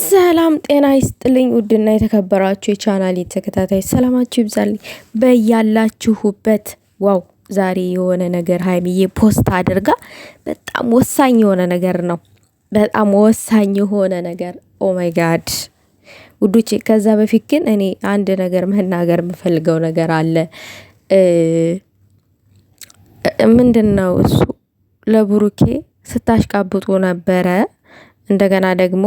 ሰላም ጤና ይስጥልኝ። ውድና የተከበራችሁ የቻናል ተከታታይ ሰላማችሁ ይብዛልኝ በያላችሁበት። ዋው ዛሬ የሆነ ነገር ሀይሚዬ ፖስት አድርጋ በጣም ወሳኝ የሆነ ነገር ነው። በጣም ወሳኝ የሆነ ነገር ኦማይጋድ ጋድ ውዶቼ። ከዛ በፊት ግን እኔ አንድ ነገር መናገር የምፈልገው ነገር አለ። ምንድን ነው እሱ? ለብሩኬ ስታሽቃብጡ ነበረ። እንደገና ደግሞ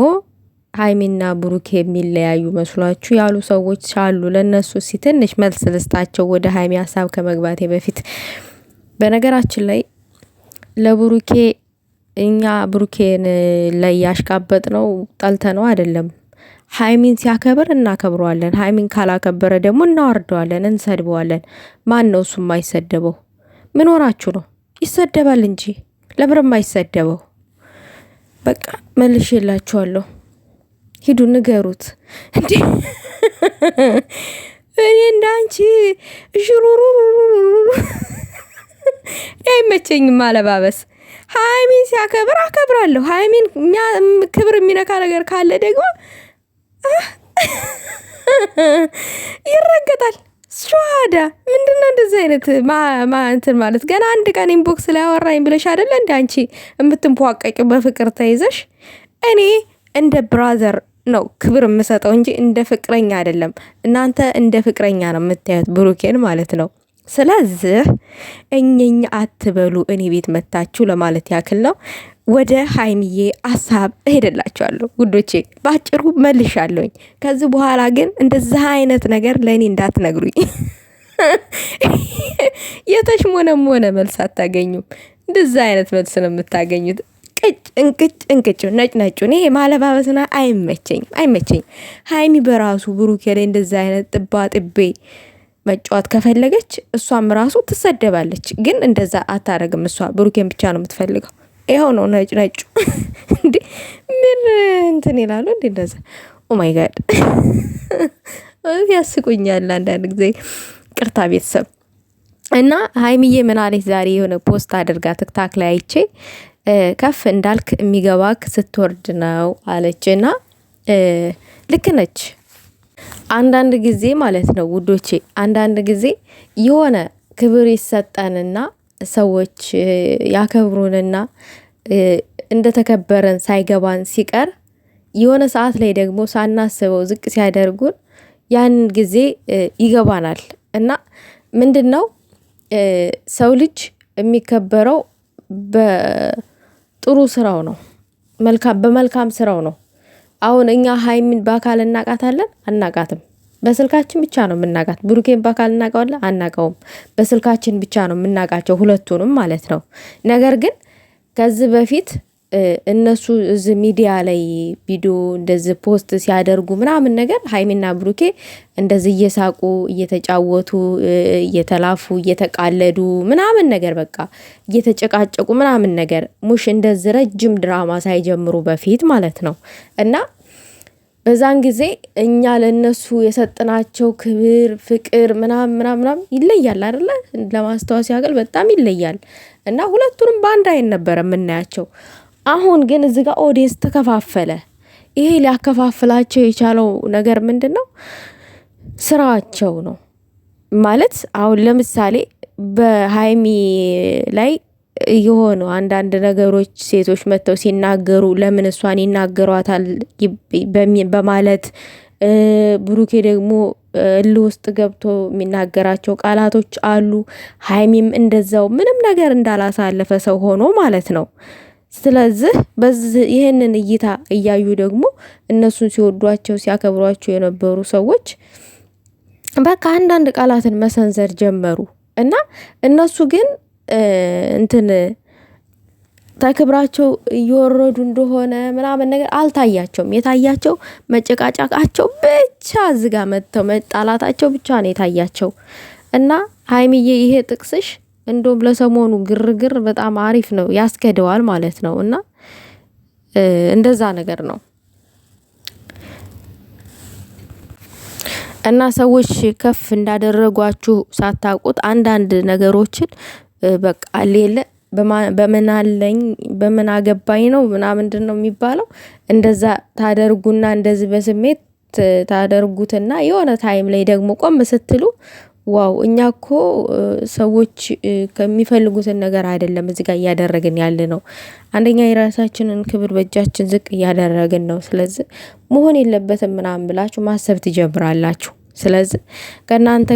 ሀይሚና ብሩኬ የሚለያዩ መስሏችሁ ያሉ ሰዎች አሉ። ለእነሱ ሲ ትንሽ መልስ ልስጣቸው ወደ ሀይሚ ሀሳብ ከመግባቴ በፊት። በነገራችን ላይ ለብሩኬ እኛ ብሩኬን ላይ ያሽቃበጥ ነው ጠልተ ነው አይደለም። ሀይሚን ሲያከብር እናከብረዋለን። ሀይሚን ካላከበረ ደግሞ እናወርደዋለን፣ እንሰድበዋለን። ማን ነው እሱ የማይሰደበው? ምን ሆናችሁ ነው? ይሰደባል እንጂ ለምንም አይሰደበው። በቃ መልሼ የላችኋለሁ። ሂዱ ንገሩት። እንዴ እኔ እንዳንቺ ሽሩሩ አይመቸኝም አለባበስ። ሀይሚን ሲያከብር አከብራለሁ። ሀይሚን ክብር የሚነካ ነገር ካለ ደግሞ ይረገጣል። ሸዋዳ ምንድነው? እንደዚህ አይነት እንትን ማለት ገና አንድ ቀን ኢንቦክስ ላይ አወራኝ ብለሽ አይደለ እንደ አንቺ የምትንቧቀቂው በፍቅር ተይዘሽ እኔ እንደ ብራዘር ነው ክብር የምሰጠው እንጂ እንደ ፍቅረኛ አይደለም። እናንተ እንደ ፍቅረኛ ነው የምታዩት ብሩኬን ማለት ነው። ስለዚህ እኝኛ አትበሉ እኔ ቤት መታችሁ ለማለት ያክል ነው። ወደ ሀይሚዬ አሳብ እሄደላችኋለሁ ጉዶቼ፣ በአጭሩ መልሻለሁኝ። ከዚህ በኋላ ግን እንደዚህ አይነት ነገር ለእኔ እንዳትነግሩኝ። ሆነ መልስ አታገኙም። እንደዚህ አይነት መልስ ነው የምታገኙት። እንቅጭ እንቅጭ እንቅጭ ነጭ ነጩ። ይሄ ማለባበስና አይመቸኝም አይመቸኝም። ሀይሚ በራሱ ብሩኬ ላይ እንደዛ አይነት ጥባ ጥቤ መጫወት ከፈለገች እሷም ራሱ ትሰደባለች። ግን እንደዛ አታረግም። እሷ ብሩኬን ብቻ ነው የምትፈልገው። ይኸው ነው ነጭ ነጩ። እንዴ ምን እንትን ይላሉ እንዴ እንደዛ። ኦማይ ጋድ ያስቁኛል አንዳንድ ጊዜ። ቅርታ ቤተሰብ እና ሀይሚዬ ምናለች ዛሬ የሆነ ፖስት አድርጋ ትክታክ ላይ አይቼ ከፍ እንዳልክ የሚገባክ ስትወርድ ነው አለች እና ልክ ነች። አንዳንድ ጊዜ ማለት ነው ውዶቼ፣ አንዳንድ ጊዜ የሆነ ክብር ይሰጠንና ሰዎች ያከብሩንና እንደተከበረን ሳይገባን ሲቀር የሆነ ሰዓት ላይ ደግሞ ሳናስበው ዝቅ ሲያደርጉን ያን ጊዜ ይገባናል እና ምንድን ነው ሰው ልጅ የሚከበረው ጥሩ ስራው ነው። መልካም በመልካም ስራው ነው። አሁን እኛ ሀይሚን በአካል እናቃታለን አናቃትም። በስልካችን ብቻ ነው የምናቃት። ብሩኬን በአካል እናቀዋለን አናቀውም። በስልካችን ብቻ ነው የምናቃቸው ሁለቱንም ማለት ነው። ነገር ግን ከዚህ በፊት እነሱ እዚህ ሚዲያ ላይ ቪዲዮ እንደዚህ ፖስት ሲያደርጉ ምናምን ነገር ሀይሚና ብሩኬ እንደዚህ እየሳቁ እየተጫወቱ እየተላፉ እየተቃለዱ ምናምን ነገር በቃ እየተጨቃጨቁ ምናምን ነገር ሙሽ እንደዚህ ረጅም ድራማ ሳይጀምሩ በፊት ማለት ነው እና በዛን ጊዜ እኛ ለእነሱ የሰጥናቸው ክብር፣ ፍቅር ምናምን ምናም ይለያል አይደለ? ለማስታወስ ያገል በጣም ይለያል እና ሁለቱንም በአንድ አይን ነበረ የምናያቸው። አሁን ግን እዚህ ጋር ኦዲየንስ ተከፋፈለ። ይሄ ሊያከፋፍላቸው የቻለው ነገር ምንድን ነው? ስራቸው ነው ማለት አሁን ለምሳሌ በሀይሚ ላይ የሆኑ አንዳንድ ነገሮች ሴቶች መጥተው ሲናገሩ ለምን እሷን ይናገሯታል በማለት ብሩኬ ደግሞ እል ውስጥ ገብቶ የሚናገራቸው ቃላቶች አሉ። ሀይሚም እንደዛው ምንም ነገር እንዳላሳለፈ ሰው ሆኖ ማለት ነው። ስለዚህ በዚህ ይህንን እይታ እያዩ ደግሞ እነሱን ሲወዷቸው ሲያከብሯቸው የነበሩ ሰዎች በቃ አንዳንድ ቃላትን መሰንዘር ጀመሩ እና እነሱ ግን እንትን ተክብራቸው እየወረዱ እንደሆነ ምናምን ነገር አልታያቸውም። የታያቸው መጨቃጫቃቸው ብቻ እዚጋ መጥተው መጣላታቸው ብቻ ነው የታያቸው እና ሀይሚዬ ይሄ ጥቅስሽ እንደውም ለሰሞኑ ግርግር በጣም አሪፍ ነው ያስከደዋል ማለት ነው። እና እንደዛ ነገር ነው እና ሰዎች ከፍ እንዳደረጓችሁ ሳታውቁት አንዳንድ ነገሮችን በቃ ሌለ በምን በምን አገባኝ ነው ምና ምንድን ነው የሚባለው? እንደዛ ታደርጉና እንደዚህ በስሜት ታደርጉትና የሆነ ታይም ላይ ደግሞ ቆም ስትሉ ዋው እኛ እኮ ሰዎች ከሚፈልጉትን ነገር አይደለም እዚህ ጋር እያደረግን ያለ ነው። አንደኛ የራሳችንን ክብር በእጃችን ዝቅ እያደረግን ነው። ስለዚህ መሆን የለበትም ምናምን ብላችሁ ማሰብ ትጀምራላችሁ። ስለዚህ ከእናንተ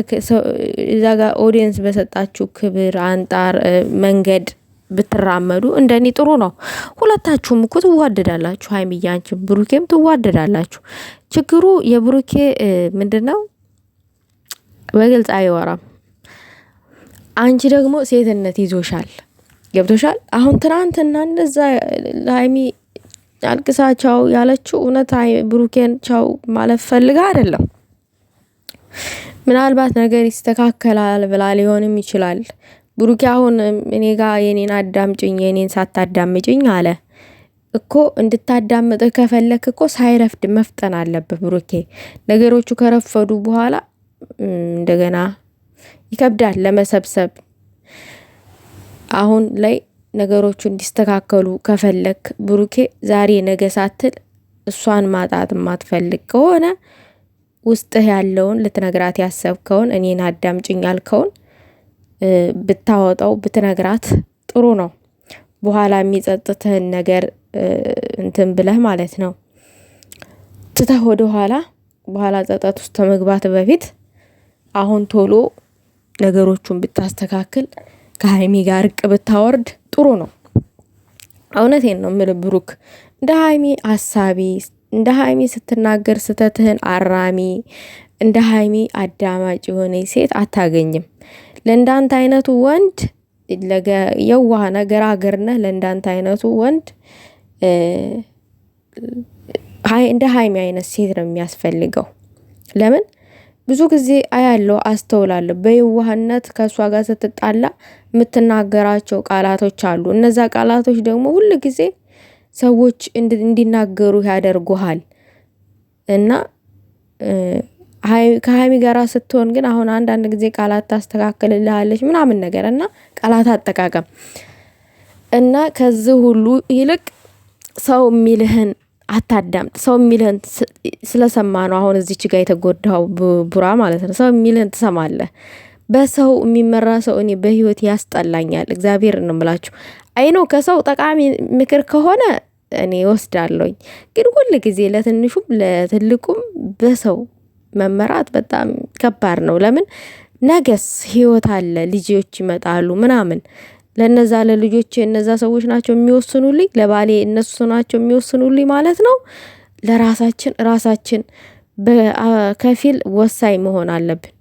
እዛ ጋር ኦዲየንስ በሰጣችሁ ክብር አንጣር መንገድ ብትራመዱ እንደኔ ጥሩ ነው። ሁለታችሁም እኮ ትዋደዳላችሁ። ሀይሚዬ አንቺም ብሩኬም ትዋደዳላችሁ። ችግሩ የብሩኬ ምንድን ነው? በግልጽ አይወራም። አንቺ ደግሞ ሴትነት ይዞሻል። ገብቶሻል። አሁን ትናንትና እንደዛ ሀይሚ አልቅሳ ቻው ያለችው እውነት ብሩኬን ቻው ማለት ፈልጋ አይደለም። ምናልባት ነገር ይስተካከላል ብላ ሊሆንም ይችላል። ብሩኬ አሁን እኔ ጋ የኔን አዳምጭኝ የኔን ሳታዳምጭኝ አለ እኮ። እንድታዳምጥ ከፈለክ እኮ ሳይረፍድ መፍጠን አለብህ ብሩኬ። ነገሮቹ ከረፈዱ በኋላ እንደገና ይከብዳል ለመሰብሰብ። አሁን ላይ ነገሮቹ እንዲስተካከሉ ከፈለክ ብሩኬ ዛሬ ነገ ሳትል እሷን ማጣት ማትፈልግ ከሆነ ውስጥህ ያለውን ልትነግራት ያሰብከውን እኔን አዳምጪኝ ያልከውን ብታወጣው ብትነግራት ጥሩ ነው። በኋላ የሚጸጥትህን ነገር እንትን ብለህ ማለት ነው ትተህ ወደ ኋላ በኋላ ጸጠት ውስጥ ከመግባት በፊት አሁን ቶሎ ነገሮቹን ብታስተካክል ከሀይሚ ጋር እርቅ ብታወርድ ጥሩ ነው። እውነቴን ነው የምልህ ብሩክ፣ እንደ ሀይሚ አሳቢ፣ እንደ ሀይሚ ስትናገር ስተትህን አራሚ፣ እንደ ሀይሚ አዳማጭ የሆነ ሴት አታገኝም። ለእንዳንተ አይነቱ ወንድ የዋህ ነገር አገር ለእንዳንተ አይነቱ ወንድ እንደ ሀይሚ አይነት ሴት ነው የሚያስፈልገው። ለምን ብዙ ጊዜ አያለው አስተውላለሁ። በየዋህነት ከእሷ ጋር ስትጣላ የምትናገራቸው ቃላቶች አሉ። እነዛ ቃላቶች ደግሞ ሁሉ ጊዜ ሰዎች እንዲናገሩ ያደርጉሃል እና ከሀይሚ ጋራ ስትሆን ግን አሁን አንዳንድ ጊዜ ቃላት ታስተካክልልሃለች ምናምን ነገር እና ቃላት አጠቃቀም እና ከዚህ ሁሉ ይልቅ ሰው የሚልህን አታዳምጥ። ሰው የሚልህን ስለሰማ ነው አሁን እዚች ጋ የተጎዳው ቡራ ማለት ነው። ሰው የሚልህን ትሰማለህ። በሰው የሚመራ ሰው እኔ በህይወት ያስጠላኛል። እግዚአብሔር እንምላችሁ አይኖ ከሰው ጠቃሚ ምክር ከሆነ እኔ ወስዳለኝ። ግን ሁል ጊዜ ለትንሹም ለትልቁም በሰው መመራት በጣም ከባድ ነው። ለምን ነገስ ህይወት አለ፣ ልጆች ይመጣሉ ምናምን ለነዛ ለልጆች እነዛ ሰዎች ናቸው የሚወስኑልኝ፣ ለባሌ እነሱ ናቸው የሚወስኑልኝ ማለት ነው። ለራሳችን ራሳችን በከፊል ወሳኝ መሆን አለብን።